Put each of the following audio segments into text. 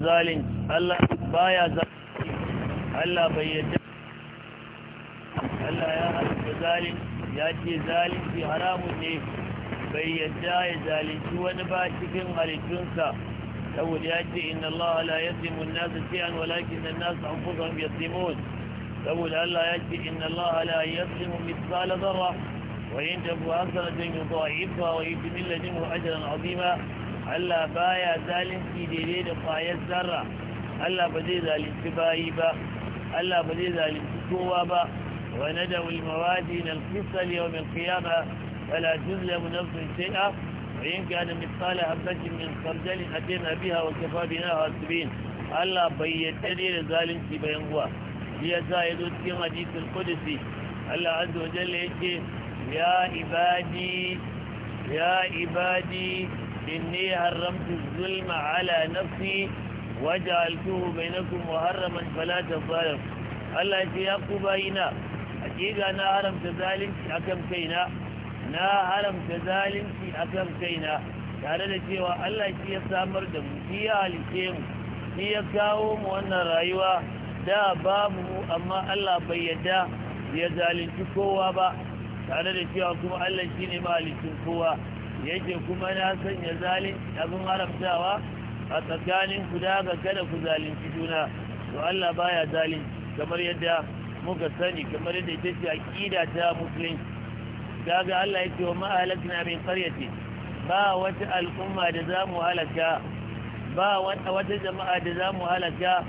zalunci Allah baya zalunci Allah bai yadda Allah ya halitta ya ce haramun ne bai yadda ya zalinci wani ba cikin halittunsa saboda ya ce inna Allah la yadlimu an-nasa shay'an walakin an-nasa anfusahum yadlimun saboda Allah ya ce inna Allah la yadlimu mithqala dharra wa in tabu hasanatan yudha'ifha wa yu'ti min ajran 'azima Allah baya zalunci daidai da kwayar zarra Allah ba zai zalunci bayi ba Allah ba zai zalunci kowa ba wa nadawu al-mawadin al-qisal yawm al-qiyamah fala tuzlamu nafsun shay'a wa in kana mithqala habatin min khardalin atayna biha wa kafa bina hasibin Allah bai yadda da zalunci bayan uwa shi ya zo cikin hadisul qudsi Allah azza wa jalla ce ya ibadi ya ibadi إني حرمت الظلم على نفسي وجعلته بينكم محرما فلا تظالم الله يا na حقيقة أنا حرمت ظالمتي أكم كينا أنا حرمت ظالمتي أكم كينا tare da cewa Allah shi ya samar da mu shi ya halice mu shi ya kawo mu wannan rayuwa da babu mu amma Allah bai yarda ya zalunci kowa ba tare da cewa kuma Allah shi ne kowa yake kuma na sanya zalin abin haramtawa a tsakanin ku da kada ku zalunci juna to Allah baya zalin kamar yadda muka sani kamar yadda ita ce aqida ta musulunci daga Allah yake wa ma'alakna min qaryati ba wata al'umma da za mu halaka ba wata wata jama'a da za mu halaka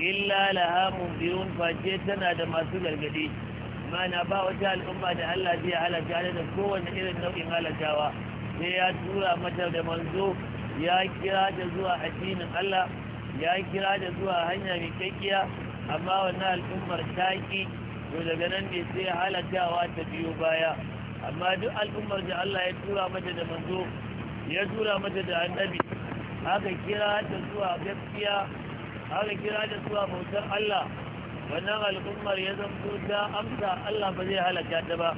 illa laha munzirun face tana da masu gargadi mana ba wata al'umma da Allah zai halaka da kowane irin nau'in halakawa sai ya tura mata da manzo ya kira da zuwa addinin Allah ya kira da zuwa hanya mai kakkiya amma wannan al'ummar ta to daga nan ne sai halakawa ta biyo baya amma duk al'ummar da Allah ya tura mata da manzo ya tura mata da annabi Haka kira ta zuwa gaskiya Haka kira ta zuwa bautar Allah wannan al'ummar ya zanto ta amsa Allah ba zai halaka ta ba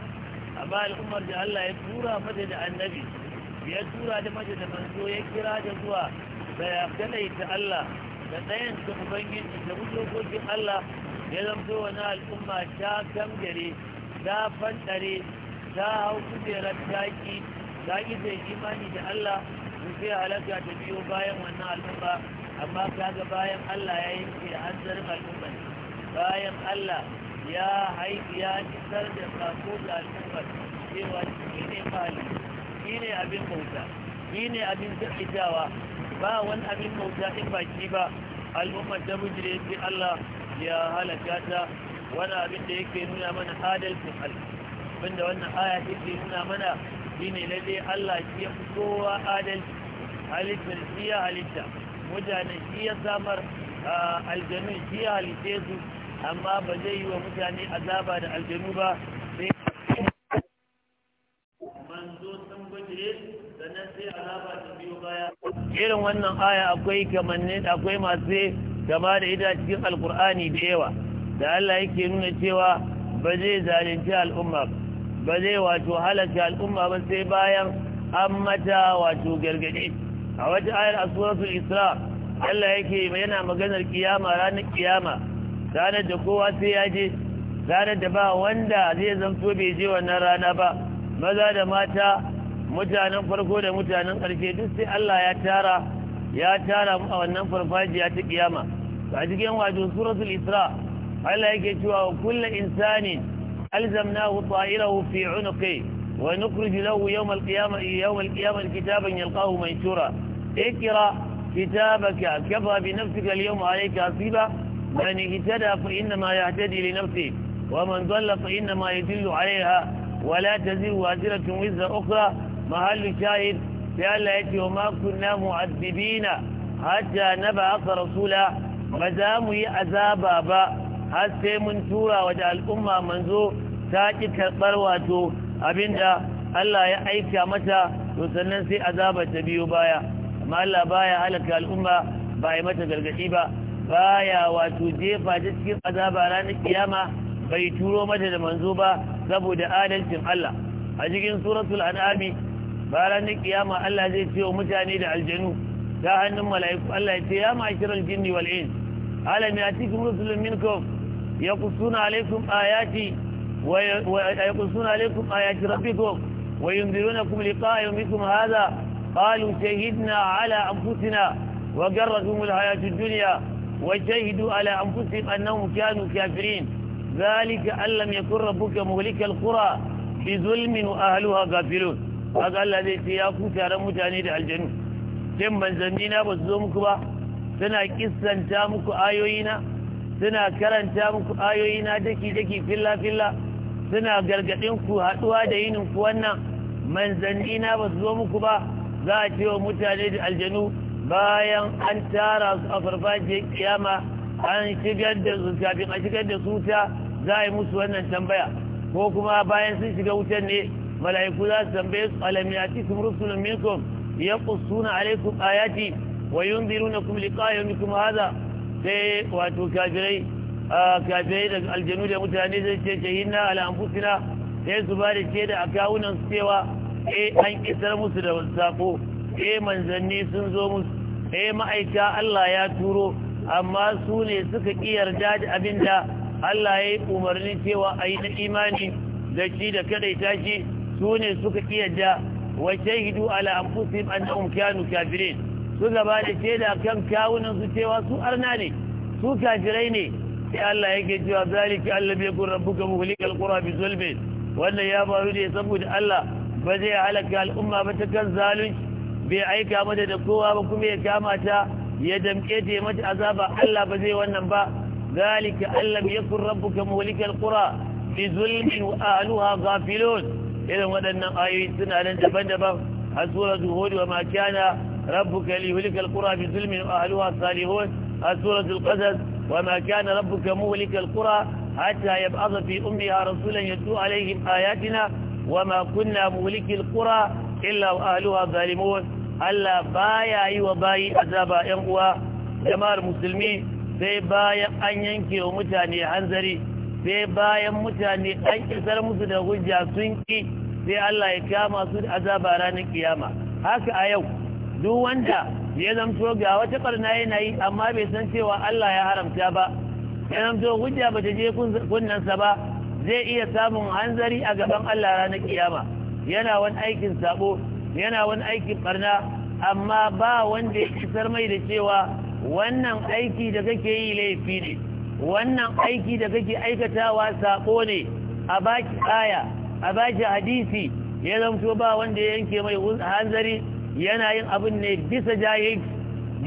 amma al'ummar da Allah ya tura mata da annabi ya tura da mace da manzo ya kira da zuwa da ya kalaita Allah da tsayin da ubangiji da dokokin Allah ya zamto wani al'umma ta gangare ta fantare ta hau kujerar taki ta ƙi imani da Allah su sai halaka ta biyo bayan wannan al'umma amma kaga bayan Allah ya yi yanke hanzarin al'umma bayan Allah ya haifi ya isar da sako da al'umma cewa shi ne malin shi ne abin bauta shi ne abin tsarkitawa ba wani abin bauta in baki ba al'ummar ta bujire sai Allah ya halaka ta wani abin da yake nuna mana adalcin Allah wanda wannan aya take nuna mana shine lalle Allah shi ya kowa adalci halittar shi ya halitta mutane shi ya samar aljanu shi ya halitte su amma ba zai yi wa mutane azaba da aljanu ba sai sannan irin wannan aya akwai kamanni akwai masu gaba da ita cikin alkur'ani da yawa da Allah yake nuna cewa ba zai zalunci al'umma ba zai wato halaka al'umma ba sai bayan an mata wato gargaɗe a wata ayar a suratul isra Allah yake yana maganar kiyama ranar kiyama ranar da kowa sai ya je ranar da ba wanda zai zanto bai je wannan rana ba maza da mata mutanen farko da mutanen ƙarshe duk sai Allah ya tara ya tara mu a wannan farfajiya ta kiyama a cikin wato suratul isra Allah yake cewa kullu insani alzamnahu ta'irahu fi unqi wa nukhriju lahu yawm al qiyama yawm al qiyama kitaban yalqahu manshura ikra kitabaka kafa bi nafsika al-yawma alayka hasiba man ihtada fa innama yahtadi li nafsihi wa man dhalla fa innama yadhillu alayha ولا تزر وازرة وزر أخرى mahallu shahid sai Allah ya ce wa ma kunna mu'azzibina hatta nab'atha rasula ba za mu yi azaba ba har sai mun tura wa al'umma manzo ta ki karbar wato abinda Allah ya aika mata to sannan sai azaba ta biyo baya amma Allah baya halaka al'umma ba ya mata gargadi ba baya wato jefa ta cikin azaba ranar kiyama bai turo mata da manzo ba saboda adalcin Allah a cikin suratul an'ami ranar na kiyama Allah zai ce wa mutane da aljanu ta hannun mala'iku Allah ya ce ya ma'ashir aljinni wal ins alam yatikum rusulun minkum yaqussuna alaykum ayati wa yaqussuna alaykum ayati rabbikum wa yunzirunakum liqa'a yawmikum hadha qalu shahidna ala anfusina wa garratum alhayatu ad-dunya wa shahidu ala anfusihim annahum kanu kafirin ذلك أن لم يكن ربك مهلك القرى بظلم وأهلها غافلون kaga Allah zai ce ya ku taron mutane da aljanu shin manzanni na ba su zo muku ba suna kissanta muku ayoyina suna karanta muku ayoyina daki daki filla filla suna gargadin ku haduwa da yinin ku wannan manzanni na ba su zo muku ba za a ce wa mutane da aljanu bayan an tara su a farfajiyar kiyama an shigar da su kafin a shigar da su ta za a yi musu wannan tambaya ko kuma bayan sun shiga wutar ne mala'iku za su tambaye su alam yatikum rusulun minkum yaqussuna alaykum ayati wa ya yi kuma haza sai wato kafirai kafirai da aljanu da mutane zai ce shahidna ala anfusina sai su ba da ce da kawunan su cewa eh an kisar musu da sako e manzanni sun zo musu eh ma'aika Allah ya turo amma su ne suka ƙi yarda da abinda Allah ya yi umarni cewa a yi na imani da shi da kaɗaita shi su ne suka kiyarda wa shahidu ala anfusihim annahum kanu kafirin suka ba da shaida kan kawunan su cewa su arna ne su kafirai ne sai Allah yake cewa zalika allabi yakun rabbuka muhlikal qura bi zulmin wannan ya faru ne saboda Allah ba zai halaka al'umma ba ta kan zalunci bai aika mata da kowa ba kuma ya kama ta ya damke ta ya mata azaba Allah ba zai wannan ba zalika allam yakun rabbuka muhlikal qura bi zulmin wa ahliha ghafilun irin waɗannan ayoyi suna nan daban-daban a suratul hud wa ma kana rabbuka liyuhlikal qura bi zulmin wa ahliha salihun a suratul qasas wa ma kana rabbuka muhlikal qura hatta yab'atha fi ummiha rasulan yatlu alaihim ayatina wa ma kunna muhlikil kura illa wa ahliha zalimun Allah ya yi wa bayi azaba yan uwa jama'ar musulmi sai bayan an yanke wa mutane hanzari sai bayan mutane an kisar musu da hujja sun ki sai Allah ya kama su da azaba ranar kiyama haka a yau duk wanda ya zamto ga wata karna yana yi amma bai san cewa Allah ya haramta ba ya zamto hujja ba ta je kunnansa ba zai iya samun hanzari a gaban Allah ranar kiyama yana wani aikin sabo yana wani aikin barna amma ba wanda ya kisar mai da cewa wannan aiki da kake yi laifi ne wannan aiki da kake aikatawa sabo ne a baki aya a bashi hadisi ya zamto ba wanda ya yanke mai hanzari yana yin abin ne bisa jaye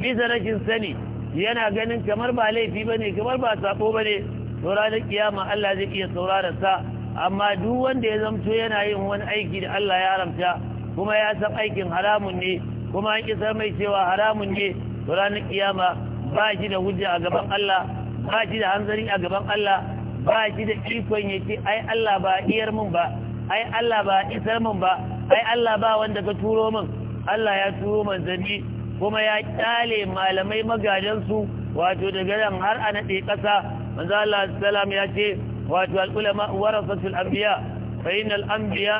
bisa rashin sani yana ganin kamar ba laifi ba ne kamar ba sabo ba ne da kiyama Allah zai iya saurara sa amma duk wanda ya zamto yana yin wani aiki da Allah ya haramta kuma ya san aikin haramun ne kuma an isa mai cewa haramun ne ranar kiyama ba shi da hujja a gaban Allah ba shi da hanzari a gaban Allah ba shi da ikon ya ce ai Allah ba iyar mun ba ai Allah ba isar mun ba ai Allah ba wanda ka turo mun Allah ya turo manzanni kuma ya kyale malamai magadansu wato daga nan har a naɗe ƙasa manzo Allah sallam ya ce wato al-ulama warasatul anbiya fa innal anbiya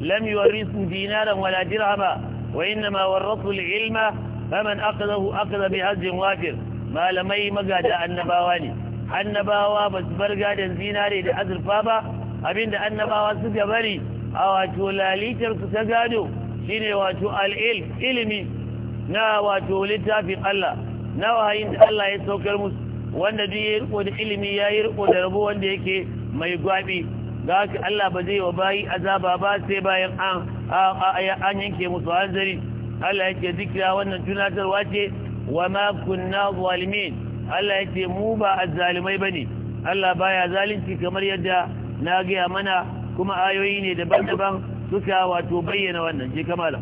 lam yurithu dinaran wala dirhama wa innama warathu al-ilma faman aqadahu aqada bi hajjin wafir malamai magada annabawa ne annabawa ba su bar gadon zinare da azurfa ba abinda annabawa suka bari a wato lalitarsu ta gado shine wato al'il ilimi na wato littafin Allah na wahayin da Allah ya saukar musu wanda duk ya riko da ilimi ya yi riko da rabo wanda yake mai gwabi ga haka Allah ba zai wa bayi azaba ba sai bayan an an yanke musu hanzari Allah yake zikira wannan tunatarwa ce wa ma kunna zalimin Allah ya ce mu ba azzalimai bane Allah baya zalunci kamar yadda na gaya mana kuma ayoyi ne daban-daban suka wato bayyana wannan je kamala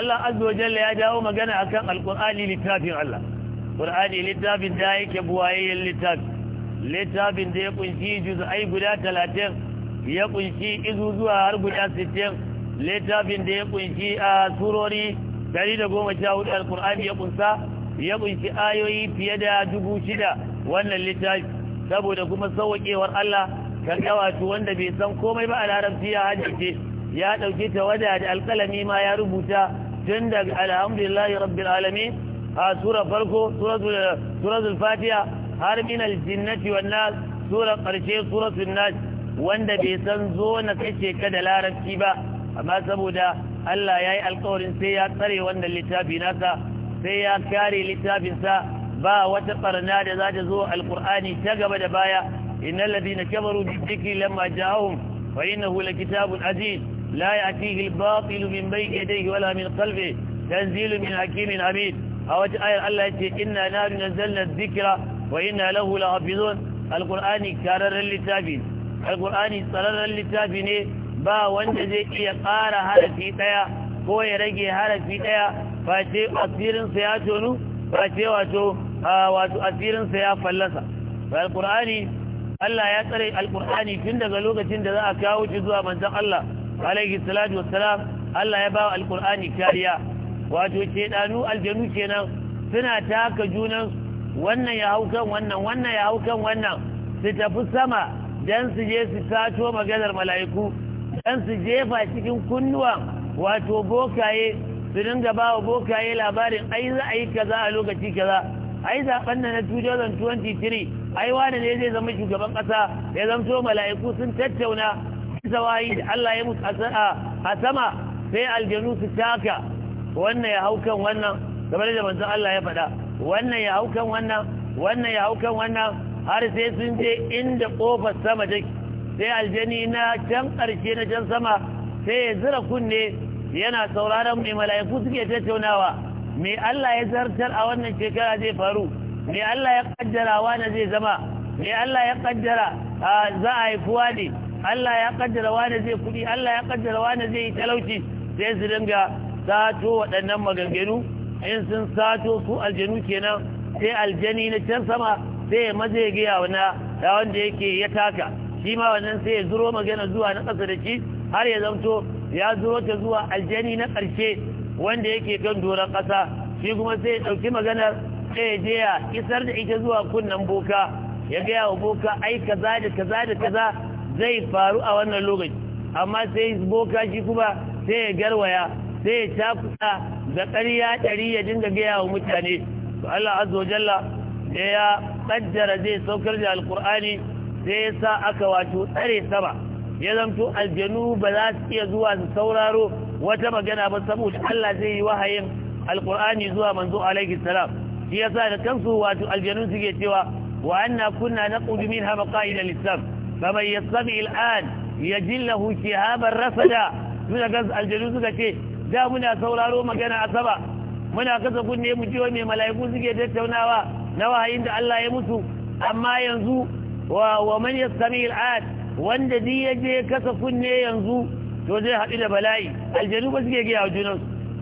Allah azza wa jalla ya dawo magana akan alqur'ani littafin Allah qur'ani littafin da yake buwaye littafi littafin da ya kunshi juz'ai guda 30 ya kunshi izuzuwa har guda 60 littafin da ya kunshi a surori 114 alqur'ani ya kunsa ya kunshi ayoyi fiye da shida wannan littafi saboda kuma sauƙewar Allah kan kawatu wanda bai san komai ba a larabci ya hajjace ya ɗauki tawada da alƙalami ma ya rubuta tun daga alhamdulillahi rabbil alamin a sura farko suratul fatiha har min aljinnati wan nas sura karshe suratul nas wanda bai san zo na kace ka da larabci ba amma saboda Allah ya yi alkawarin sai ya tsare wannan littafi nasa sai ya kare littafinsa ba wata barna da za ta zo alkur'ani ta gaba da baya innal ladina kafaru bi dhikri lamma ja'ahum fa innahu lakitabun aziz لا يأتيه الباطل من بين يديه ولا من قلبه تنزيل من حكيم عميد أو آية الله يتي إنا نار نزلنا الذكر وإنا له لحافظون القرآن كرر للتابين القرآن صرر للتابين با wanda zai iya ƙara harafi ɗaya ko ya rage harafi ɗaya face asirinsa ya tonu face wato asirinsa ya fallasa alƙur'ani Allah ya tsare al'kur'ani tun daga lokacin da za a kawo shi zuwa Allah alaihi salatu wassalam Allah ya ba wa alkur'ani kariya wato ce danu aljanu kenan suna taka junan wannan ya hau kan wannan wannan ya hau kan wannan su tafi sama dan su je su tato maganar mala'iku dan su jefa cikin kunnuwa wato bokaye su dinga ba wa bokaye labarin ai za a yi kaza a lokaci kaza ai zaben na na 2023 ai wane ne zai zama shugaban kasa ya zamto mala'iku sun tattauna tawayi da Allah ya mutu a sama sai aljanu su taka wannan ya haukan wannan game da manzon Allah ya faɗa wannan ya haukan wannan wannan ya haukan wannan har sai sun je inda kofar sama take sai aljani na can ƙarshe na can sama sai ya zira kunne yana sauraron mai mala'iku suke tattaunawa me Allah ya zartar a wannan shekara zai faru me Allah ya kaddara wani zai zama me Allah ya kaddara za a haifuwa ne Allah ya kaddara wani zai kuɗi Allah ya kaddara wani zai yi talauci sai su dinga sato waɗannan maganganu in sun sato su aljanu kenan sai aljani na can sama sai ya maza ya gaya na da wanda yake ya taka shi ma wannan sai ya zuro magana zuwa na ƙasa da shi har ya zamto ya zuro ta zuwa aljani na ƙarshe wanda yake kan doron ƙasa shi kuma sai ya ɗauki maganar sai ya je ya isar da ita zuwa kunnen boka ya gaya wa boka ai kaza da kaza da kaza zai faru a wannan lokaci amma sai boka shi kuma sai ya garwaya sai ya cakuta da ƙarya ɗari ya dinga gaya wa mutane to Allah azza jalla da ya kaddara zai saukar da alkur'ani sai ya sa aka wato tsare sama ya zamto aljanu ba za su iya zuwa su sauraro wata magana ba saboda Allah zai yi wahayin al'ƙur'ani zuwa manzo alaihi salam shi yasa da kansu wato aljanu suke cewa wa anna kunna ƙudumin minha maqaida lisam kamar ya sami il'an ya jillahu shihabar rasada suna ga aljanu suka ce da muna sauraro magana saba. muna kasa kunne mu jiwa mai mala'iku suke tattaunawa na wahayin da Allah ya mutu amma yanzu wa man yastami al'ad wanda di ya je kasa kunne yanzu to zai haɗu da bala'i aljanu ba suke gaya wa junan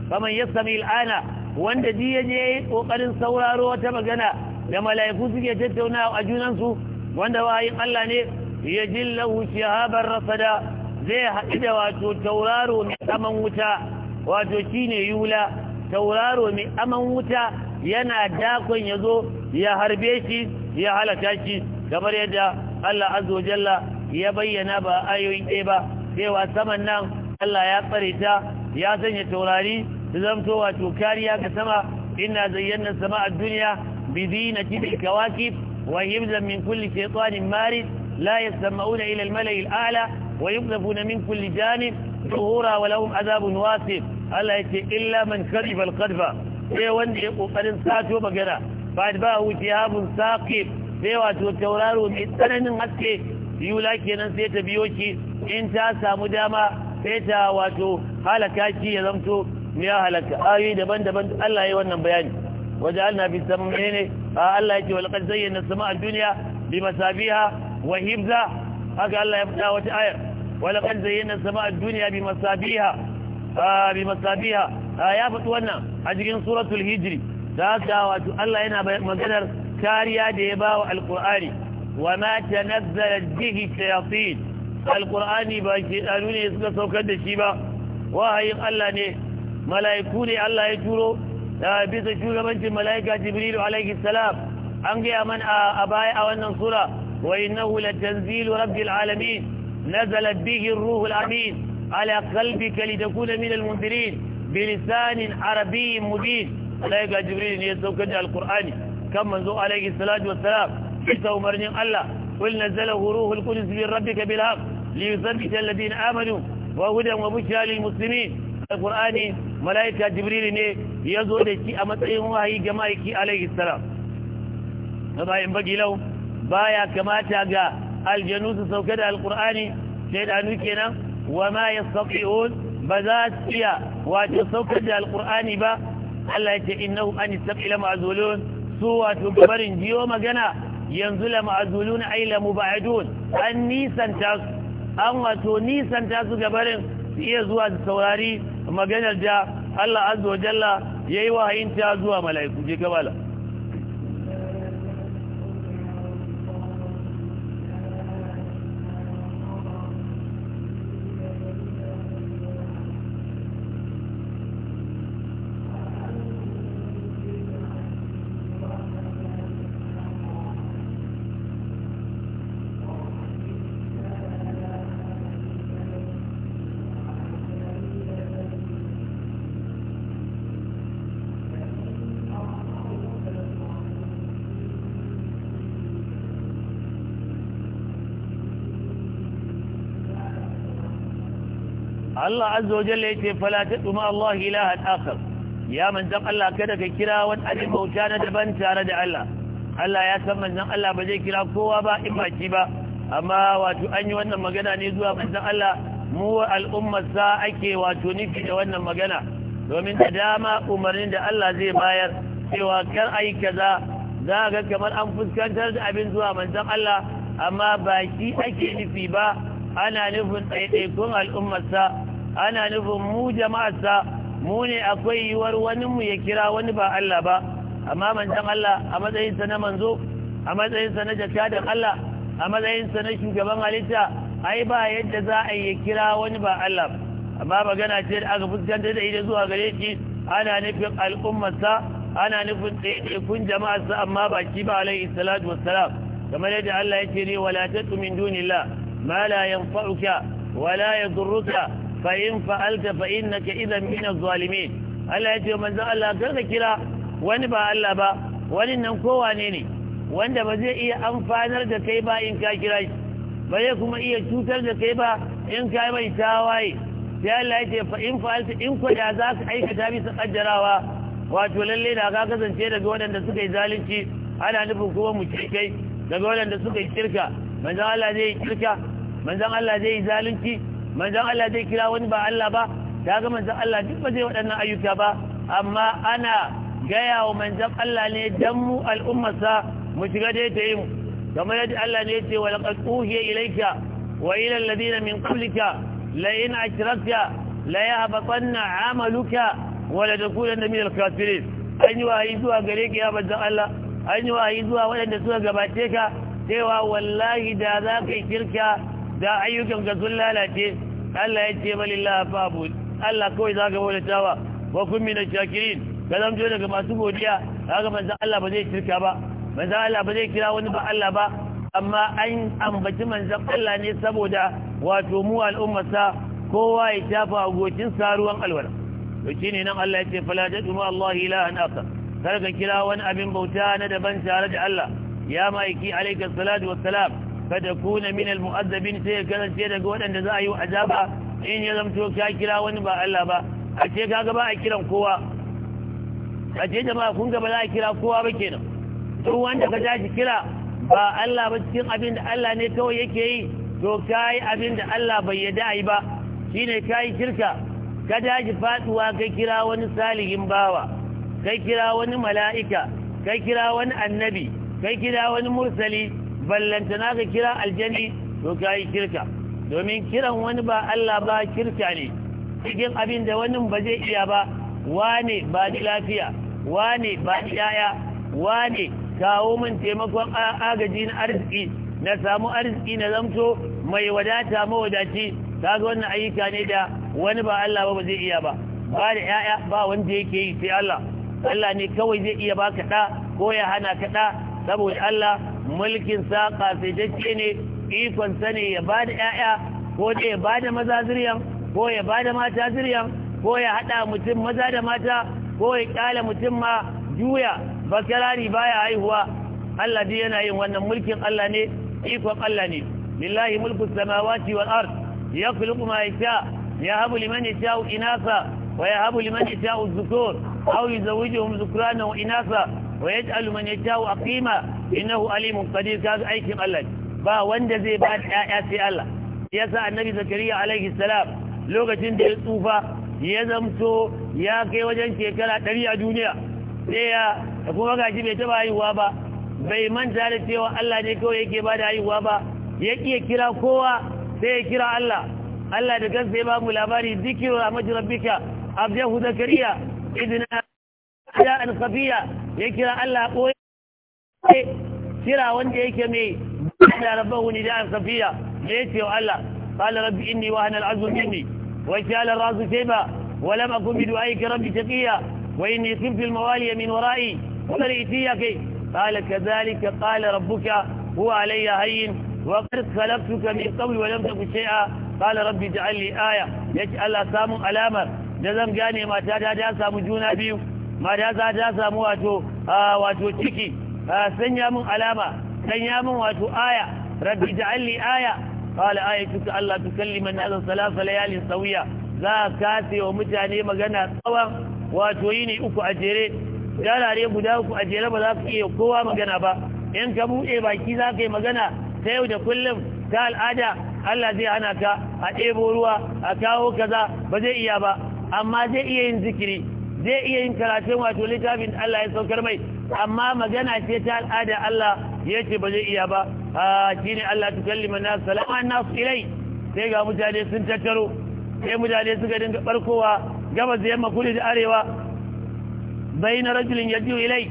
faman yastami al'ana wanda di ya kokarin sauraro wata magana da mala'iku suke tattaunawa a junansu, wanda wa wahayin Allah ne yajillahu haɓar rasada zai haɗu da wato tauraro mai aman wuta wato shine yula tauraro mai aman wuta yana dakon ya zo ya harbe shi ya halaka shi kamar yadda Allah azza ya bayyana ba ayoyi ɗaya ba wa saman nan Allah ya tsare ta ya sanya taurari su zamto wato kariya ga sama inna zayyana sama a duniya bi zinatil kawakib wa hibzan min kulli shaytanin marid لا يسمعون إلى الملأ الأعلى ويقذفون من كل جانب ظهورا ولهم عذاب واسع الله يتي illa من كذب القذفة sai wanda ya kokarin sato magana ba ba wuce habun saqib sai wato tauraro mai tsananin haske yula kenan sai ta biyo ki in ta samu dama feta ta wato halaka ki ya zamto ya halaka ayoyi daban-daban Allah ya yi wannan bayani wajen alna fi samun ne Allah ya ce walƙar zayyana sama a duniya bi masabiha wa hibza haka Allah ya fada wata ayar wala qad zayyana samaa dunya bi masabiha bi masabiha ya fadi wannan a cikin suratul hijri da haka wato Allah yana maganar kariya da ya bawa alqur'ani wa ma tanazzalat bihi shayatin alqur'ani ba ke danu ne suka saukar da shi ba wahayin Allah ne mala'iku ne Allah ya turo bisa shugabancin mala'ika jibrilu alaihi salam an gaya man a baya a wannan sura وإنه لتنزيل رب العالمين نزلت به الروح الأمين على قلبك لتكون من المنذرين بلسان عربي مبين ملائكة جبريل يسوكد القرآن كم منذ عليه الصلاة والسلام عيسى مرن الله قل نزله روح القدس من ربك بالحق ليثبت الذين آمنوا وهدى وبشرى للمسلمين القرآن ملائكة جبريل يزود الشيء أمتعهم وهي جمائك عليه السلام نضع ينبغي لهم baya kamata ga aljanu su sauka da alkur'ani shaidanu kenan wa ma yastati'un ba za su iya wato saukar da alkur'ani ba Allah ya ce innahu an yastati la ma'zulun su wato gabarin jiyo magana yanzu la ma'zulun ay la mubadun an nisanta su an wato nisan nisanta su gabarin su iya zuwa su saurari maganar da Allah azza wa jalla yayi wahayinta zuwa mala'iku je gabala Allah azza wa jalla yace fala ta ma Allah ilahan akhar ya manzon Allah kada ka kira wani abu bauta na daban tare da Allah Allah ya san manzon Allah ba zai kira kowa ba in baki ba amma wato an yi wannan magana ne zuwa manzon Allah mu al'ummar ake wato nufi da wannan magana domin da dama umarnin da Allah zai bayar cewa kar ayi kaza za ga kamar an fuskantar da abin zuwa manzon Allah amma baki ake nufi ba ana nufin ɗaiɗaikun al'ummarsa ana nufin mu jama'arsa mu ne akwai yiwuwar wani mu ya kira wani ba Allah ba amma manzon Allah a matsayinsa na manzo a matsayinsa na jakadan Allah a matsayinsa na shugaban halitta ai ba yadda za a yi kira wani ba Allah amma magana ce da aka fuskanta da ita zuwa gare shi ana nufin al'ummarsa ana nufin ɗaiɗaikun jama'arsa amma ba shi ba alaihi salatu wassalam kamar yadda Allah ya ce ne wala tatu min dunillah ma la yanfa'uka wala yadurruka fa fa'alta fa'alta na ke idan min az Allah ya ce manzo Allah kar ka kira wani ba Allah ba wani nan kowa ne ne wanda ba zai iya amfanar da kai ba in ka kira shi ba zai kuma iya cutar da kai ba in ka mai tawaye sai Allah ya ce fa in fa'alta in ko da za ka aikata bisa kaddarawa wato lalle da ka kasance daga waɗanda suka yi zalunci ana nufin kuma mu kirkai daga waɗanda suka yi kirka manzan Allah zai yi kirka manzan Allah zai yi zalunci manzan Allah zai kira wani ba Allah ba ta ga manzon Allah duk ba zai waɗannan ayyuka ba amma ana gaya wa manzon Allah ne dan mu al'ummarsa mu shiga dai ta yi mu kamar yadda Allah ne ya ce wa laqad uhiya ilayka wa ila alladhina min qablika la in ashrakta la yahbatanna 'amaluka wa la takunanna min al-kafirin an yi wahayi zuwa gare ka ya manzon Allah an yi wahayi zuwa waɗanda suka gabace ka cewa wallahi da za ka yi kirka da ayyukan ka sun lalace Allah ya ce balillah fa'bud Allah kawai zaka bautawa wa kun min shakirin ka zamto daga masu godiya kaga manzo Allah ba zai shirka ba manzo Allah ba zai kira wani ba Allah ba amma an ambaci manzon Allah ne saboda wato mu sa kowa ya shafa gocin sa ruwan alwala to shine nan Allah ya ce fala tadu Allah ilahan akhar kar ka kira wani abin bauta na daban tare da Allah ya maiki alayka salatu wassalam kada kuna min mu'azzabin sai ya kasance daga waɗanda za a yi azaba in ya zamto ka kira wani ba Allah ba a ce kaga ba a kiran kowa a ce jama'a kun ga ba za a kira kowa ba kenan to wanda ka tashi kira ba Allah ba cikin abin da Allah ne kawai yake yi to kai abin da Allah bai yarda yi ba shine kai shirka ka tashi faduwa ka kira wani salihin bawa kai kira wani mala'ika kai kira wani annabi kai kira wani mursali na ka kira aljani to ka yi kirka domin kiran wani ba Allah ba kirka ne cikin abin da wani ba zai iya ba wane ba ni lafiya wane ba ni yaya wane kawo min taimakon agaji na arziki na samu arziki na zamto mai wadata mawadaci ga wannan ayyuka ne da wani ba Allah ba zai iya ba ba da yaya ba wanda yake yi sai Allah Allah ne kawai zai iya baka da ko ya hana ka da saboda Allah mulkin sa kasaitacce ne ikon sa ne ya bada ƴaƴa ko da ya bada maza zuriyan ko ya bada mata zuriyan ko ya hada mutum maza da mata ko ya kyale mutum ma juya ba baya haihuwa Allah dai yana yin wannan mulkin Allah ne ikon Allah ne lillahi mulku samawati wal ard yakhluqu ma yasha habu liman yasha inasa wa ya habu liman yasha az-dhukur aw yuzawwijuhum dhukrana wa inasa wa yaj'alu man yasha'u aqima innahu alimun qadir kaga aikin Allah ba wanda zai ba ƴaƴa sai Allah yasa annabi zakariya alaihi salam lokacin da ya tsufa ya zamto ya kai wajen shekara ɗari a duniya sai ya kuma gashi bai taɓa haihuwa ba bai manta da cewa Allah ne kawai yake ba da haihuwa ba ya iya kira kowa sai ya kira Allah Allah da kansa ya ba mu labari zikiru rahmatu rabbika abdahu zakariya idna ya an safiya ya kira Allah ɓoye kira wanda yake mai da rabbahu ni da an safiya ya ce wa Allah qala rabbi inni wa ana al'azmu minni wa jala ar-rasu shayba wa lam akun bi du'aika rabbi taqiya wa inni khiftu al-mawaliya min wara'i wa mar'itiyaki qala kadhalika qala rabbuka huwa alayya hayyin وقد خلقتك من قبل ولم تكن شيئا قال ربي اجعل لي آية يجعل سام علامة جزم جاني ما ta samu juna biyu. mata ta samu wato wato ciki sanya min alama sanya min wato aya rabbi ja'alli aya qala ayatuka alla tukallima an salasa layalin sawiya za ka wa mutane magana tsawon wato yini uku a jere jarare guda uku a jere ba za ka iya kowa magana ba in ka buɗe baki za ka yi magana ta yau da kullum ta al'ada Allah zai hana ka a ɗebo ruwa a kawo kaza ba zai iya ba amma zai iya yin zikiri zai iya yin karatun wato littafin Allah ya saukar mai amma magana ce ta al'ada Allah ya ce ba zai iya ba A, shi ne Allah ta kalli na salama na su ilai sai ga mutane sun tattaro sai mutane suka dinga barkowa Gaba, da yamma kudu da arewa bai na rajulin ya ji ilai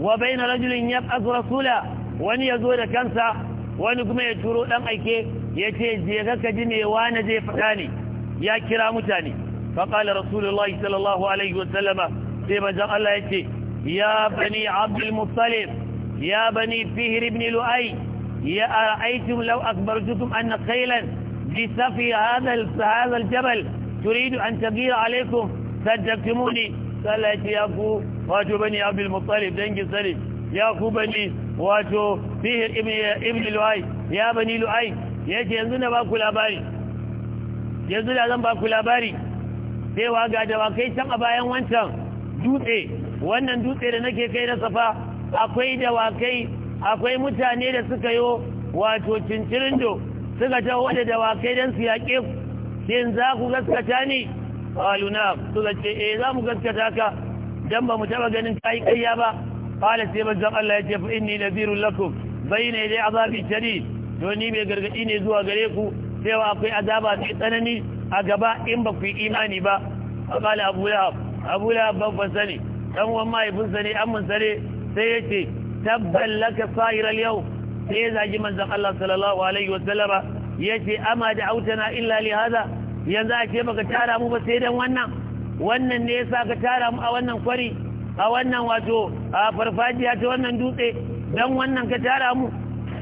wa bai na rajulin ya ɓasu rasula wani ya zo da kansa wani kuma ya turo ɗan aike ya ce je ka ji ne wani zai faɗa ne ya kira mutane فقال رسول الله صلى الله عليه وسلم في مجال الله يتي يا بني عبد المطلب يا بني فهر بن لؤي يا أرأيتم لو أخبرتكم أن خيلا بسفي هذا هذا الجبل تريد أن تغير عليكم صدقتموني قال يتي يا أخو واجو بني عبد المطلب دنجي سليم يا أخو بني واجو فهر ابن, ابن لؤي يا بني لؤي يتي ينزلنا باكو الأباري yanzu da zan ba cewa ga dawakai can a bayan wancan dutse wannan dutse da nake kai na safa akwai dawakai akwai mutane da suka yo wato do suka taho da dawakai dan su yaƙe ku shin za ku gaskata ni qalu na'am suka ce eh za mu gaskata ka dan ba mu taba ganin kai kayya ba qala sai manzon Allah ya ce fa inni nadhirul lakum bayna yaday azabi shadid to ni mai gargadi ne zuwa gare ku cewa akwai azaba mai tsanani a gaba in ba ku yi imani ba a kala abu lahab abu lahab babban sani dan uwan mahaifinsa ne an munsare sai ya ce tabban laka sa'iral yau sai ya zagi manzon Allah sallallahu alaihi wa sallama ya ce amma da autana illa li hada yanzu a ce baka tara mu ba sai dan wannan wannan ne yasa ka tara mu a wannan kwari a wannan wato a farfajiya ta wannan dutse dan wannan ka tara mu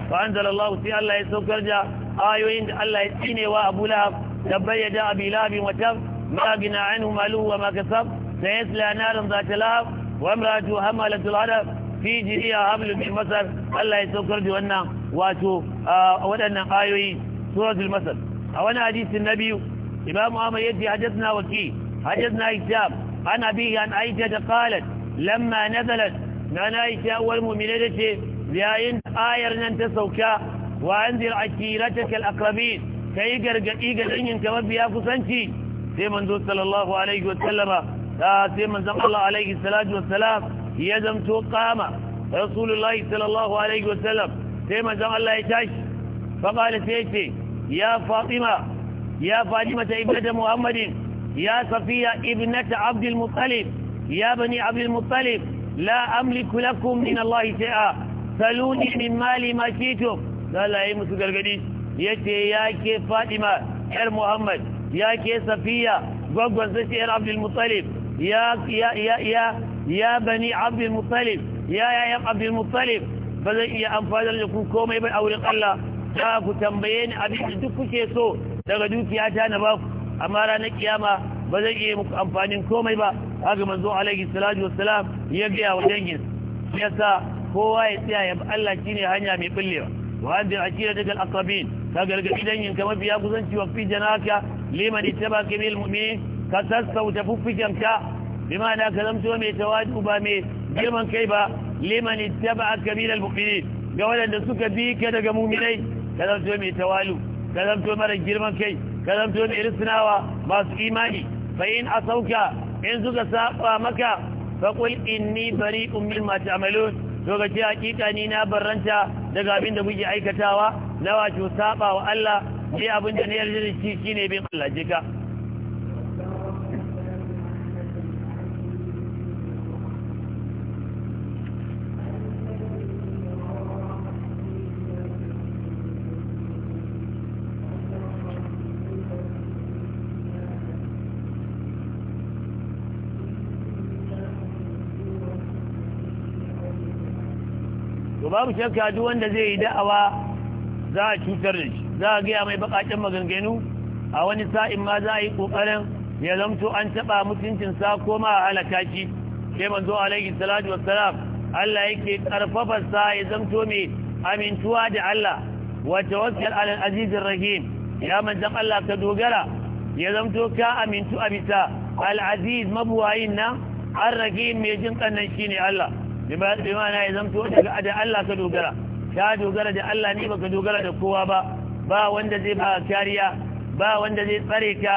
fa anzalallahu sai Allah ya saukar da ayoyin da Allah ya tsinewa Abu Lahab تبي جاء ابي لابي وتب ما غنى عنه ماله وما كسب سيسلى نار ذات لاب وامرأة هملة العرب في جريها حمل من مصر الله يتوكل بأن واتو آه، ودنا قايوي سورة المثل أولا حديث النبي إمام أما يدي حدثنا وكي حدثنا إسلام عن أبيه عن أيتة قالت لما نزلت من أيتة أول مؤمنين لأين آير أن تسوكا وأنذر عشيرتك الأقربين ka yi gargaɗi ga ɗanyin mabiya kusanci sai manzo sallallahu alaihi wa sallama sai manzon Allah alaihi salatu wa salam ya zamto kama rasulullahi sallallahu alaihi wa sallam sai manzon Allah ya tashi فقال ya يا فاطمة يا فاطمة ابنة محمد يا صفية ابنة عبد المطلب يا بني عبد المطلب لا أملك لكم من الله شيئا سلوني min مالي ما قال لا يمسك القديس ya ce ya ke fadima yar muhammad ya ke safiya gwaggon zace yar abdulmuttalib ya ya ya ya bani abdulmuttalib ya yayan abdulmuttalib ba zan iya amfani da ku komai ba auren allah za ku tambaye ni abin da duk kuke so daga dukiyata na ba ku amma ranar kiyama ba zan iya muku amfanin komai ba haka manzo alaihi salatu wassalam ya gaya wa dangin yasa kowa ya tsaya ya Allah shine hanya mai billewa wa anzir ashiratak al-aqrabin ka gargadi dangin ka mafiya kusanci wa fi janaka liman ittabaka bil mu'min ka sassauta fuffikenka bima da ka mai tawadu ba mai girman kai ba liman ittabaka bil mu'minin ga waɗanda suka bi ka daga mu'minai ka zamto mai tawalu ka mara girman kai ka zamto mai risnawa masu imani fa in sauka in suka saba maka fa qul inni bari'un mimma ta'malun to ga ce hakika ni na baranta. daga abin da muke aikatawa na wato saba wa Allah ne abin da ne yarda da shi shine bin Allah jika babu shakka duk wanda zai yi da'awa za a cutar da shi za a gaya mai bakacin maganganu a wani sa'in ma za a yi kokarin ya zamto an taba mutuncin sa ko ma halaka shi sai manzo alaihi salatu wassalam Allah yake karfafa sa ya zamto mai amintuwa da Allah wa tawakkal ala al-azizir rahim ya manzan Allah ka dogara ya zamto ka amintu a bisa al-aziz mabuwayin nan ar-rahim mai jin kannan shine Allah bi ma'ana ya zamto daga da Allah ka dogara ka dogara da Allah ne baka dogara da kowa ba ba wanda zai ba kariya ba wanda zai tsare ka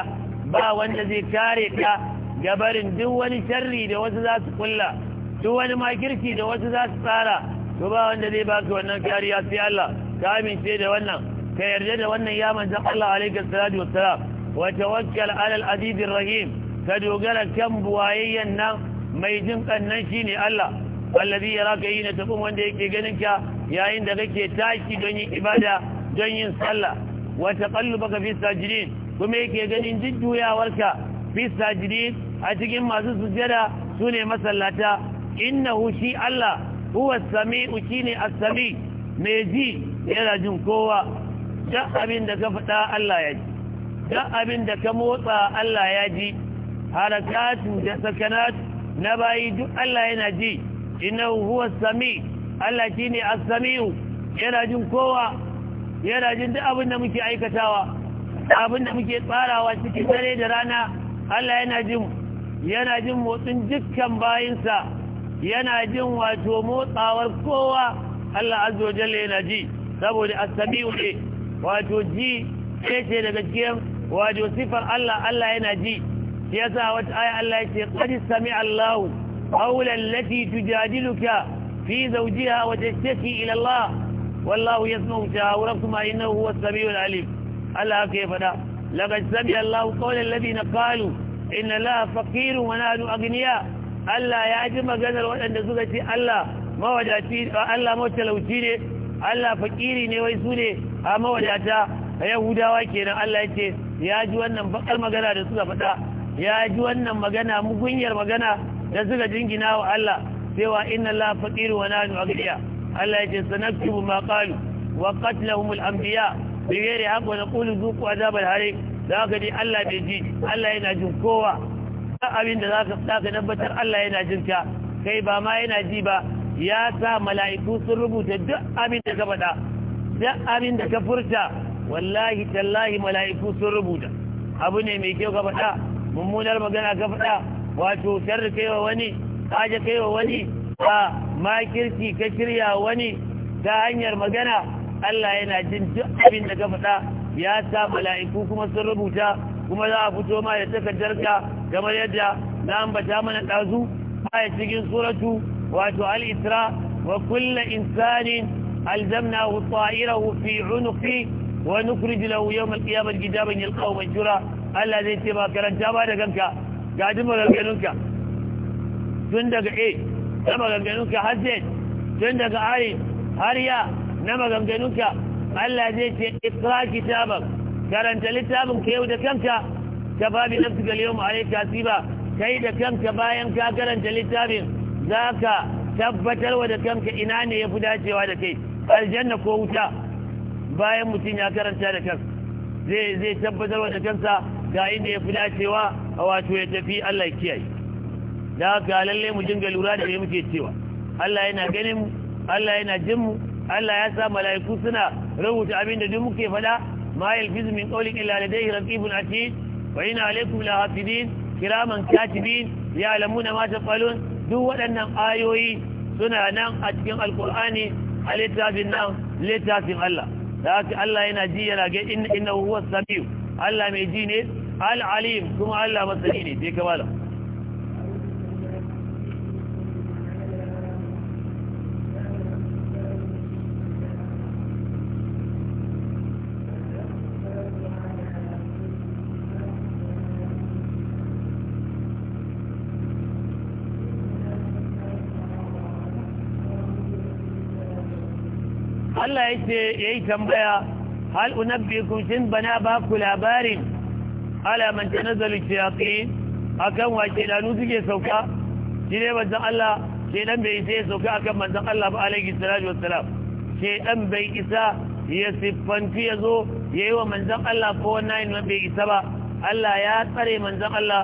ba wanda zai kare ka gabarin duk wani sharri da wasu za su kulla duk wani makirci da wasu za su tsara to ba wanda zai baka wannan kariya sai Allah ka amince da wannan ka yarda da wannan ya manzan Allah alaihi salatu wassalam wa tawakkal ala al-aziz rahim ka dogara kan buwayayyen nan mai jin kannan shine Allah wallabi ya raka yi na tafin wanda yake ganin ka yayin da kake tashi don yin ibada don yin sallah wata baka fi sajirin kuma yake ganin jujjuyawarka fi sajirin a cikin masu sujjada su ne masallata inna shi Allah huwa sami'u shine a sami mai ji yana jin kowa duk abin da ka faɗa Allah ya ji duk abin da ka motsa Allah ya ji harakatu da sakanat na bayi duk Allah yana ji innahu huwa sami Allah shine as-sami'u yana jin kowa yana jin duk abin da muke aikatawa abin da muke tsarawa cikin dare da rana Allah yana jin yana jin motsin dukkan bayinsa yana jin wato motsawar kowa Allah azza wa jalla yana ji saboda as-sami'u ne wato ji sai ce daga cikin wato sifar Allah Allah yana ji yasa wata aya Allah ya ce qad sami'a Allahu قولا التي تجادلك في زوجها وتشتكي إلى الله والله يسمع تهاوركما إنه هو السميع العليم ألا كيف لا لقد سمع الله قول الذين قالوا إن الله فقير ونحن أغنياء ألا يعجب قدر وأن زوجتي ألا ما ودعتي ألا ما تلوتيني ألا فقيري ويسوني ما ودعتا يهودا وكينا ألا يتي يا جوانا بقل مغانا رسولة فتا يا جوانا مغانا مغنير مغانا da suka jingina wa Allah cewa inna Allah faqiru wa nahnu aghniya Allah yace sanaktubu ma qalu wa qatlahum al-anbiya bi ghairi haqq wa naqulu dhuqu adhab al-harim da haka dai Allah bai ji Allah yana jin kowa abin da zaka saka tabbatar Allah yana jin ka kai ba ma yana ji ba ya sa mala'iku sun rubuta duk abin da ka faɗa duk abin da ka furta wallahi tallahi mala'iku sun rubuta abu ne mai kyau ka faɗa mummunar magana ka faɗa wato sharri kaiwa wani kaje kaiwa wani a makirci ka shirya wani ta hanyar magana Allah yana jin duk abin da ka faɗa ya sa mala'iku kuma sun rubuta kuma za a fito ma da takardarka kamar yadda na ambata mana ɗazu a cikin suratu wato al-isra wa kulla insanin ألزمناه طائره في عنقه ونخرج ban يوم Allah zai ce ba karanta ba da لكنك ga duk tun daga a na maganganunka har z tun daga ari har ya na maganganunka Allah zai ce ikra taba karanta littafin ka yau da kanka ka babi nafsu ga yau ma'alaika siba kai da kanka bayan ka karanta littafin za ka tabbatarwa da kanka ina ne ya fi dacewa da kai aljanna ko wuta bayan mutum ya karanta da kansa zai tabbatarwa da kansa ga inda ya fi dacewa a wato ya tafi Allah ya kiyaye da haka lalle mu jinga lura da me muke cewa Allah yana ganin mu Allah yana jin mu Allah ya sa mala'iku suna rubuta abin da duk muke faɗa ma yalfizu min qawlin illa ladayhi raqibun atid wa inna alaykum lahafidin kiraman katibin lamuna ma tafalun duk waɗannan ayoyi suna nan a cikin alqur'ani a littafin nan littafin Allah da haka Allah yana ji yana ga inna innahu samiu Allah mai ji ne al'alim kuma Allah masani ne sai kamala Allah ya ce ya yi tambaya hal unabbi kun shin bana ba ku labarin ala man tanazzalu shayatin akan da shedanu suke sauka shi ne manzon Allah Ke dan bai isa ya sauka akan manzon Allah ba alaihi salatu wassalam dan bai isa ya siffanci ya zo ya yi wa manzon Allah ko wannan bai isa ba Allah ya tsare manzon Allah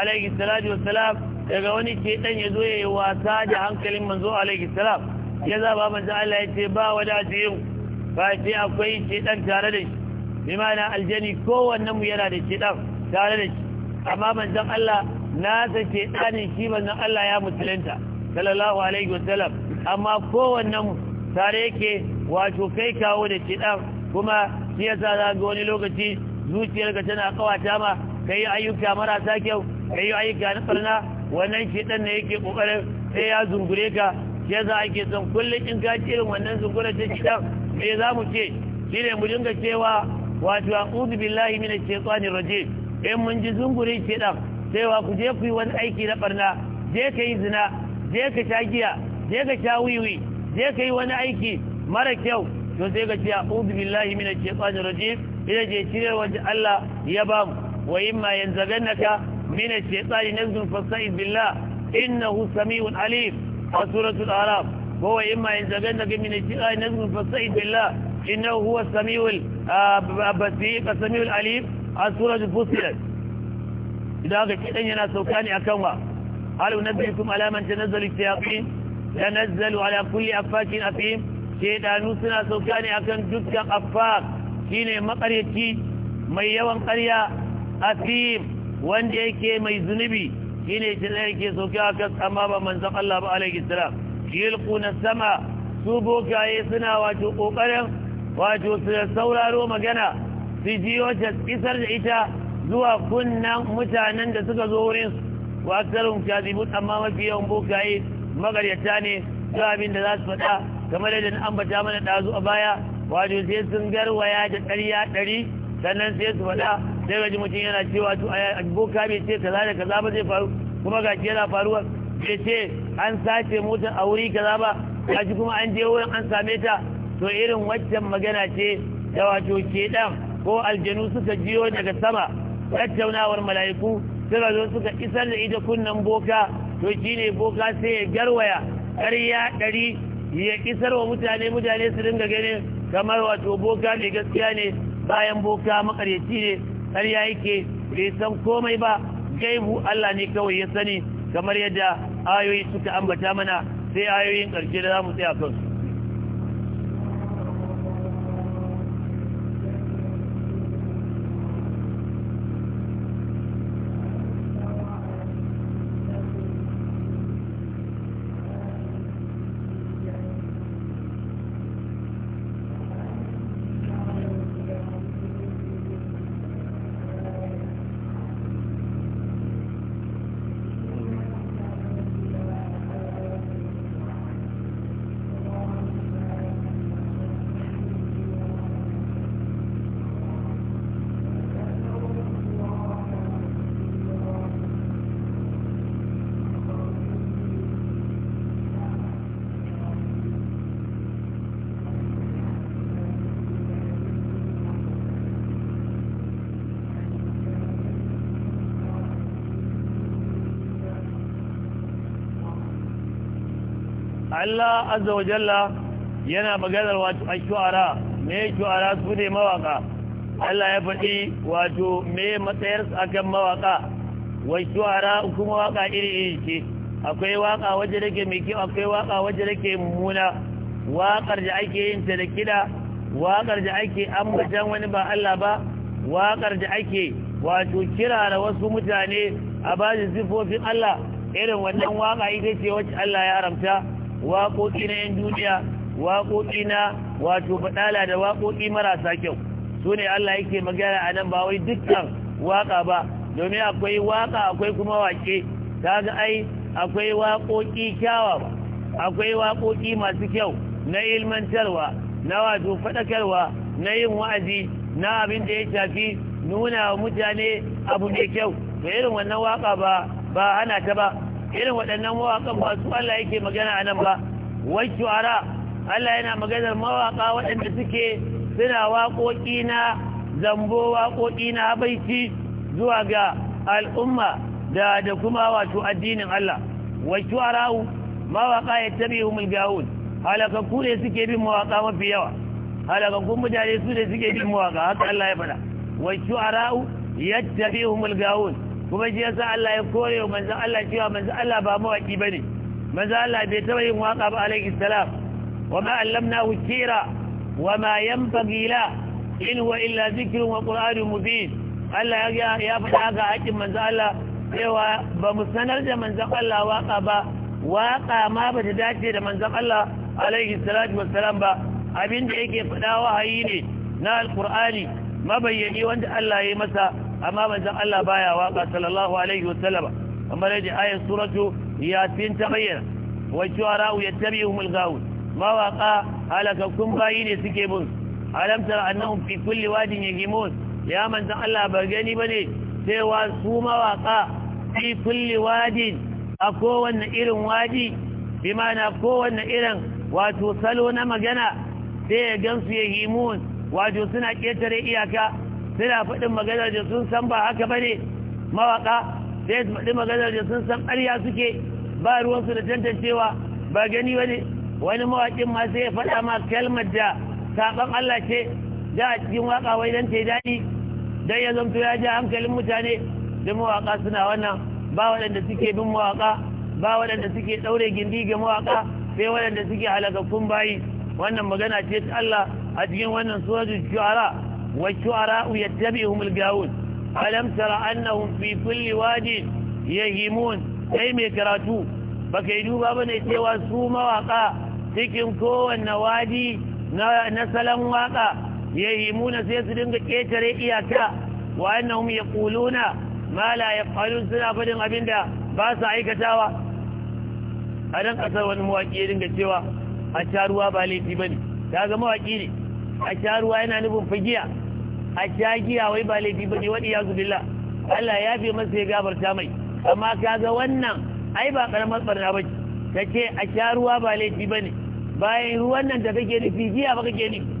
alaihi salatu wassalam daga wani dan ya zo ya yi wasa da hankalin manzo alaihi salam ya zaba manzon Allah ya ce ba wadatin ba sai akwai dan tare da shi bi ma'ana aljani kowannen mu yana da shedan tare da shi amma manzon Allah na sa shedanin shi manzon Allah ya musulunta sallallahu alaihi wasallam amma kowannen mu tare yake wato kai kawo da shedan kuma shi ya za ga wani lokaci zuciyar ka tana kawata ma kai ayyuka marasa kyau kai ayyuka na barna wannan shedan ne yake kokarin sai ya zungure ka ya sa ake son kullum in ka ce wannan zungure ta shedan sai za mu ce shi ne mu dinga cewa wato a'udhu billahi minash shaitanir rajim in mun ji zungure shedan cewa ku je ku yi wani aiki na barna je ka yi zina je ka sha giya je ka sha wiwi je ka yi wani aiki mara kyau to sai ka ce a'udhu billahi minash shaitanir rajim ina je cire wajen Allah ya ba mu wa imma yanzagannaka minash shaitani nazgun fasta'iz billah innahu samiun alim a suratul araf wa imma yanzagannaka minash shaitani nazgun fasta'iz billah إنه هو السميع البصير السميع العليم السورة الفصلت إذا كده ينا سوكاني أكوا هل ننبئكم على من تنزل الشياطين تنزل على كل أفاك أثيم شيطان سنا سوكاني أكن جدك أفاك شيني مقريتي mai yawan ƙarya asim wanda yake mai zunubi shine shi da yake soke a kas amma ba manzan Allah ba alaihi salam yulquna sama su bokaye suna wato kokarin wato su sauraro magana su jiyo ta isar da ita zuwa kunnan mutanen da suka zo wurin su wa kazibun amma mafi yawan bokaye magaryata ne su abin da za su faɗa kamar yadda na ambata mana ɗazu a baya wato sai sun garwaya da ɗarya ɗari sannan sai su faɗa sai gaji mutum yana cewa to boka bai ce kaza da kaza ba zai faru kuma gashi yana faruwa bai ce an sace motar a wuri kaza ba gashi kuma an je wurin an same ta to irin waccan magana ce da wato shedan ko aljanu suka jiyo daga sama tattaunawar mala'iku suka zo suka isar da ita kunnen boka to ne boka sai ya garwaya ƙarya ɗari ya isar wa mutane mutane su dinga ganin kamar wato boka mai gaskiya ne bayan boka makaryaci ne ƙarya yake bai san komai ba gaibu Allah ne kawai ya sani kamar yadda ayoyi suka ambata mana sai ayoyin ƙarshe da za mu tsaya kansu Allah azza wa jalla yana maganar wato shu'ara me shuara su ne mawaka Allah ya faɗi wato me matsayar akan mawaka wai shuara kuma waka iri iri ce akwai waka wajen da ke mai kyau akwai waka wajen da ke mummuna waƙar da ake yin ta da kiɗa waƙar da ake ambatan wani ba Allah ba waƙar da ake wato kira da wasu mutane a bashi sifofin Allah irin wannan waƙa ita ce wacce Allah ya haramta waƙoƙi na yan duniya waƙoƙi na wato faɗala da waƙoƙi marasa kyau su ne Allah yake magana a nan ba wai dukkan waƙa ba domin akwai waƙa akwai kuma waƙe ta ga ai akwai waƙoƙi ba akwai waƙoƙi masu kyau na ilmantarwa na wato faɗakarwa na yin wa'azi na abin da ya shafi nuna wa mutane abu mai kyau da irin wannan waƙa ba ba hana ta ba irin waɗannan mawaƙan ba su Allah yake magana a nan ba wai ara Allah yana maganar mawaƙa waɗanda suke suna waƙoƙi na zambo waƙoƙi na habaici zuwa ga al'umma da da kuma wato addinin Allah wai shu'ara mawaƙa ya tabi humul gawun halakakku ne suke bin mawaƙa mafi yawa halakakkun mutane su ne suke bin mawaƙa haka Allah ya faɗa wai shu'ara ya tabi humul gawun kuma shi yasa Allah ya kore wa manzan Allah cewa manzan Allah ba ba ne manzan Allah bai taba yin waka ba alaihi salam wa ma allamnahu kira wa ma yanbaghi la in huwa illa dhikrun wa qur'anun mubin Allah ya ya faɗa ga hakin manzan Allah cewa ba mu sanar da manzan Allah waƙa ba waƙa ma ba ta dace da manzan Allah alaihi salatu wassalam ba abin da yake faɗa wahayi ne na Alƙur'ani mabayyani wanda Allah ya yi masa amma manzon Allah baya waka sallallahu alaihi wasallam kamar yadda ayat suratu yasin ta bayyana wa shuara'u yattabi'uhum al-ghawun mawaqa halakakum bayi ne suke bin alam tara annahum fi kulli wadin yahimun ya manzon Allah ba gani bane cewa su mawaqa fi kulli wadin a kowanne irin wadi bi ma'ana kowanne irin wato salo na magana sai ya gansu yahimun wato suna ketare iyaka suna faɗin maganar da sun san ba haka ba ne mawaƙa sai su faɗi maganar da sun san ƙarya suke ba ruwansu da tantancewa ba gani wani wani mawaƙin ma sai ya faɗa ma kalmar da saɓon Allah ce da a cikin waƙa wai don ta daɗi don ya zamto ya ja hankalin mutane da mawaƙa suna wannan ba waɗanda suke bin mawaƙa ba waɗanda suke ɗaure gindi ga mawaƙa sai waɗanda suke halakakkun bayi wannan magana ce ta Allah a cikin wannan suwajin shu'ara والشعراء يتبعهم الجاون ألم ترى أنهم في كل واد يهيمون أي مكراتو فكيدو بابن اتوا سوما واقا تكن كو النوادي نسلا واقا يهيمون سيسرين كيتر إياكا وأنهم يقولون ما لا يفعلون سنة فدن أبن دا باسا عيكتاوا أدن قصر والمواجئين كتوا أشاروا بالي تبني هذا مواجئين a sha ruwa yana nufin fagiya a sha giya wai ba laifi ba ne wani ya zubilla Allah ya fi masa ya gabarta mai amma kaga wannan ai ba karamar barna ba ka ce a sha ruwa ba laifi ba ne bayan ruwan nan da kake nufi giya ba kake nufi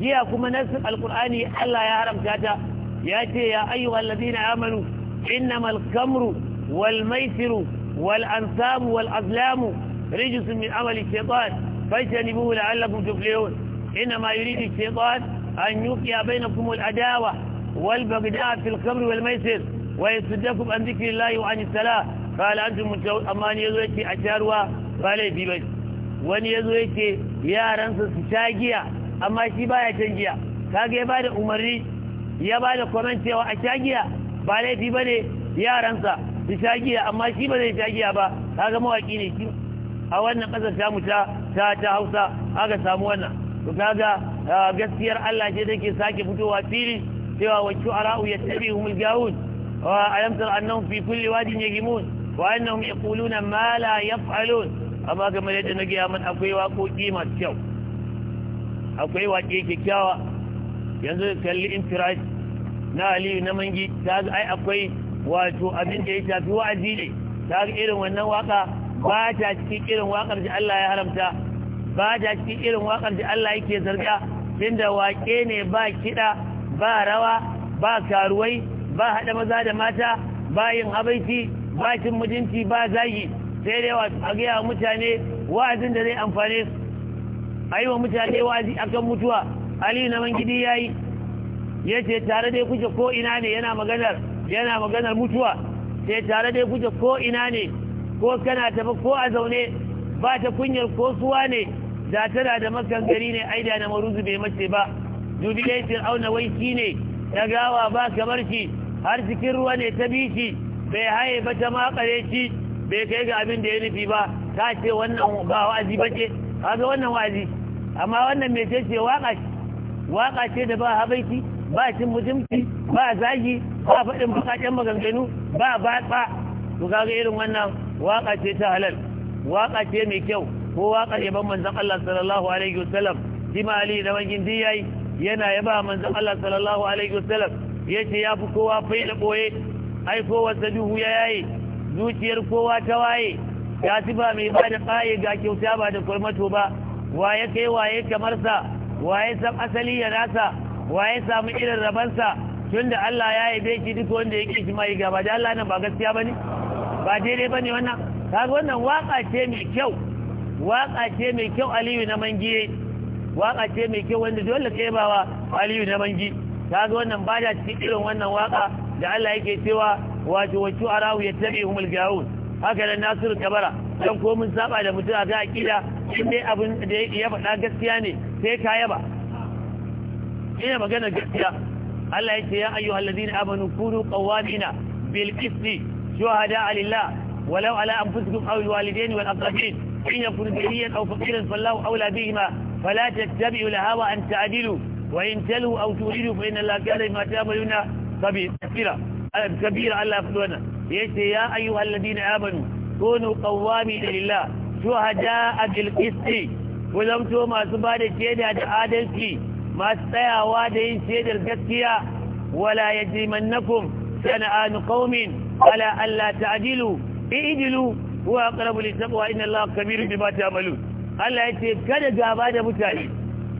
giya kuma nasin alkur'ani Allah ya haramta ta ya ce ya ayyuhal amanu innamal kamru wal maisiru wal ansabu wal azlamu rijsun min amali shaytan fajtanibuhu la'allakum tuflihun إنما يريد الشيطان أن يوقيا بينكم العداوة والبغداء في الخمر والميسر ويصدكم عن ذكر الله وعن الصلاة قال أنتم متعود أما أن يزو يكي أشاروا فعلي في بيت وأن يزو يكي يا رنس سشاجيا أما شبايا شنجيا كاقي بعد أمري يا بعد كومنتي وأشاجيا فعلي في بني يا رنس سشاجيا أما شبايا شاجيا با هذا مواكيني a wannan قصر شامو شا شا شا hausa هذا samu أنا to kaga gaskiyar Allah ce take sake fitowa fili cewa wa shu'ara'u yattabi'uhum al-jahud wa alam tara annahum fi kulli wadin yajimun wa annahum yaquluna ma la yaf'alun amma kamar yadda na gaya min akwai waƙoƙi masu kyau akwai waƙe kyakkyawa yanzu kalli intiraj na aliyu na mangi ta ga ai akwai wato abin da ya tafi wa'azi ne ta ga irin wannan waka ba ta cikin irin wakar da Allah ya haramta ba da cikin irin waƙar da Allah yake zarga inda waƙe ne ba kiɗa ba rawa ba karuwai ba haɗa maza da mata ba yin habaiti ba cin mutunci ba zagi sai dai wasu a gaya mutane wa'azin da zai amfane su a yi wa mutane wa'azi akan mutuwa aliyu na mangidi ya yi ya ce tare dai kuke ko ina ne yana maganar yana maganar mutuwa sai tare dai kuke ko ina ne ko kana tafi ko a zaune ba ta kunyar ko suwa ne da tana da makangari ne aida na maruzu bai mace ba dubi dai auna waiki ne ta gawa ba kamar shi har cikin ruwa ne ta bi shi bai haye ba ta makare shi bai kai ga abin da ya nufi ba ta ce wannan ba wa'azi ba ce ga wannan wa'azi amma wannan mai ce ce waka ce waka ce da ba habaiki ba cin mutumci ba zagi ba faɗin bukaken maganganu ba ba ba to kaga irin wannan waka ce ta halal waka ce mai kyau ko waƙar yaban manzon Allah sallallahu alaihi wasallam jima ali da mangin diyayi yana yaba manzon Allah sallallahu alaihi wasallam yace ya fi kowa da boye ai kowa duhu ya yayi zuciyar kowa ta waye ya ba mai ba da ƙaye ga kyauta ba da kurmato ba waye kai waye kamar sa waye san asali ya nasa waye samu irin rabansa tunda Allah ya yabe ki duk wanda yake shi mai gaba da Allah nan ba gaskiya bane ba daidai bane wannan kaga wannan waka ce mai kyau waka ce mai kyau aliyu na mangi waka ce mai kyau wanda dole wa aliyu na mangi ta ga wannan ba da cikin irin wannan waka da Allah yake cewa wato wacce arawu ya tabi humul gaun haka nan nasiru kabara dan ko mun saba da mutum a ga akida in dai abin da ya faɗa gaskiya ne sai ka yaba ina magana gaskiya Allah yake ya ayu ladina amanu kunu qawamina bil qisti shuhada lillah walau ala anfusikum aw alwalidaini wal aqrabin إن يكن بريا أو فقيرا فالله أولى بهما فلا تتبعوا الهوى أن تعدلوا وإن تلوا أو تولدوا فإن الله كان ما تعملون كبيرا كبيرا ألا يفضلنا يجي يا أيها الذين آمنوا كونوا قوامين لله شهداء بالقسط ولمتوا ما سبادة شهداء عادلتي ما استيعوا دين شهداء القسطية ولا يجرمنكم سنآن قوم على ألا تعدلوا اعدلوا huwa aqrabu taqwa inna allaha kabirun bima ta'malun Allah ya ce kada gaba da mutane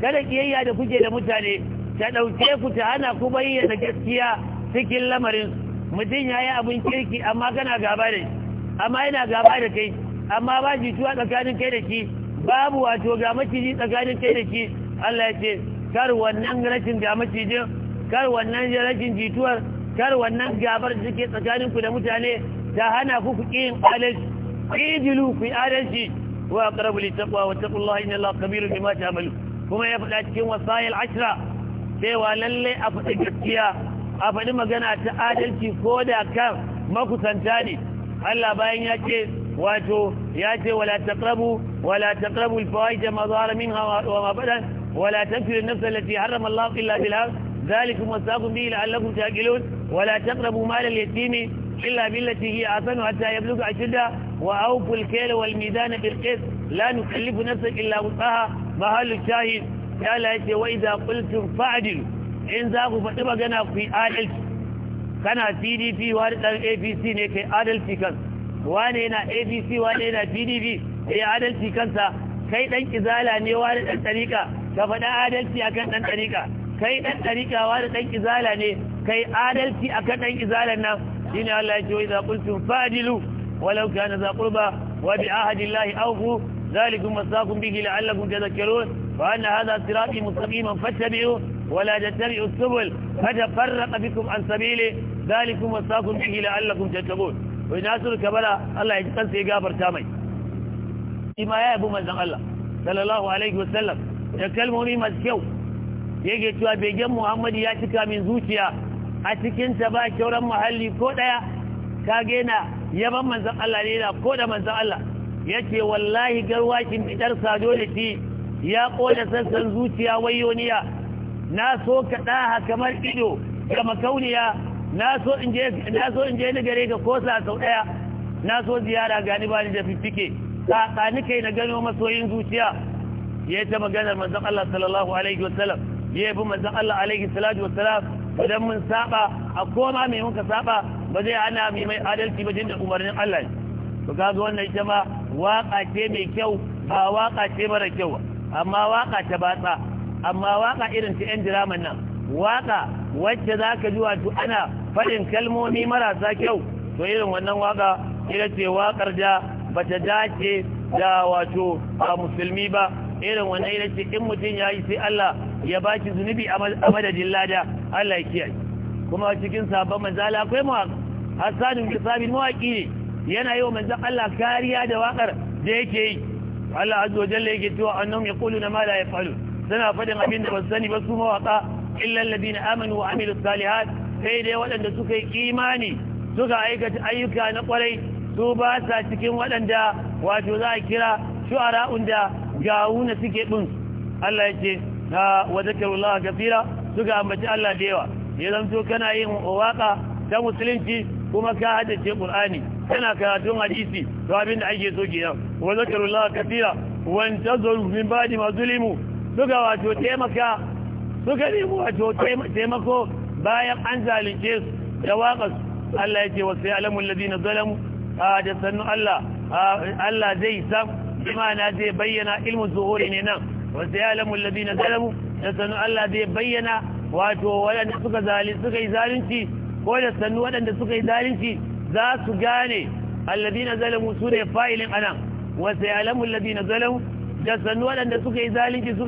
kada kiyayya da kuke da mutane ta dauke ku ta hana ku bayyana gaskiya cikin lamarin mutum yayi abin kirki amma kana gaba da shi amma yana gaba da kai amma ba jituwa tsakanin kai da shi babu wato ga maciji tsakanin kai da shi Allah ya ce kar wannan rashin ga macijin kar wannan rashin jituwar kar wannan gabar da suke tsakaninku da mutane ta hana ku yin alaji قيدلوا في آلنسي وأقربوا للتقوى واتقوا الله إن الله كبير بما تعملوا كما يفتحكم وصايا العشرة سيوى للي أفتكتيا أفضل مجانا تآلنسي فودا كام مكو سنتاني ألا باين ياتي واتو ياتي ولا تقربوا ولا تقربوا الفوائد ما ظهر منها وما بدا ولا تنفر النفس التي حرم الله إلا بالهام ذلك مستاقم به لعلكم تأكلون ولا تقربوا مال اليتيم إلا بالتي هي أثن حتى يبلغ أشدها وأوفوا الكيل والميدان بالقسط لا نكلف نفسا إلا وسعها محل الشاهد قال يتي وإذا قلتم فاعدلوا إن ذاكوا فتبا جنا في آدلت كان سي دي بي وارد اي بي سي ne kai adalci kan wane yana abc wane yana pdp ya adalci kansa kai dan izala ne wani dan tarika ka faɗa adalci akan dan tarika kai dan tarika wani dan izala ne kai adalci akan dan izalan nan shine Allah ya ce wa idza fadilu ولو كان ذا قربى وبعهد الله أوفوا ذلكم وصاكم به لعلكم تذكرون وأن هذا صراطي مستقيما فاتبعوا ولا تتبعوا السبل فتفرق بكم عن سبيله ذلكم وصاكم به لعلكم تتقون ويناسر كبلا الله يجقن سي غافر تامي إما يا أبو مزن الله صلى الله عليه وسلم تكلموني مسكو yake cewa begen Muhammad ya cika min zuciya a cikin ta ba kyauran muhalli ko daya kage na yaban manzan Allah ne da ko da manzan Allah ya wallahi garwakin idar sado da ti ya koda sassan zuciya wayoniya na so ka ɗaha kamar ido ga makauniya na so in je ni gare ka kosa sau ɗaya na so ziyara gani ba ni da fiffike tsakani kai na gano masoyin zuciya ya ta maganar manzan Allah sallallahu alaihi wasallam ya yi bi manzan Allah alaihi salatu wasallam idan mun saba a koma mai muka saba ba zai ana mai mai adalci ba jinda umarnin Allah ne to kaga wannan ita ma waka ce mai kyau ba waka ce mara kyau amma waka ta batsa amma waka irin ta yan diraman nan waka wacce za ka ji wato ana faɗin kalmomi marasa kyau to irin wannan waka ita ce wakar da ba ta dace da wato a musulmi ba irin wannan ita ce in mutum ya yi sai Allah ya baki zunubi a madadin lada Allah ya kiyaye kuma cikin sabon manzala akwai mawaƙa hassanin bisabin mawaki ne yana yi wa manzan Allah kariya da wakar da yake yi Allah azza wa jalla yake cewa annahum na mala ya yaf'alun suna faɗin abin da ba su sani ba su mawaka illa na amanu wa amilus salihat sai dai waɗanda suka yi imani suka aikata ayyuka na kwarai su ba sa cikin waɗanda wato za a kira shu'ara'un da gawuna suke ɗin Allah ya ce wa zakarullaha kafira suka ambaci Allah da yawa ya zanto kana yin waka ta musulunci kuma ka ce qur'ani kana karatun hadisi to abinda ake so kenan wa zakarullah kathira wa antazaru min ba'di ma zulimu suka wato taimaka suka nemi wato taimako bayan an zalunce su da waƙas Allah ya ce wasu ya alamun ladina zalamu da sannu Allah Allah zai san imana zai bayyana ilmin zuhuri ne nan wasu ya alamun ladina zalamu da sannu Allah zai bayyana wato waɗanda suka zali suka yi zalunci ko da sannu waɗanda suka yi zalunci za su gane alladina zalamu su ne fa'ilin anan wa sayalamu alladina zalamu da sannu waɗanda suka yi zalunci suka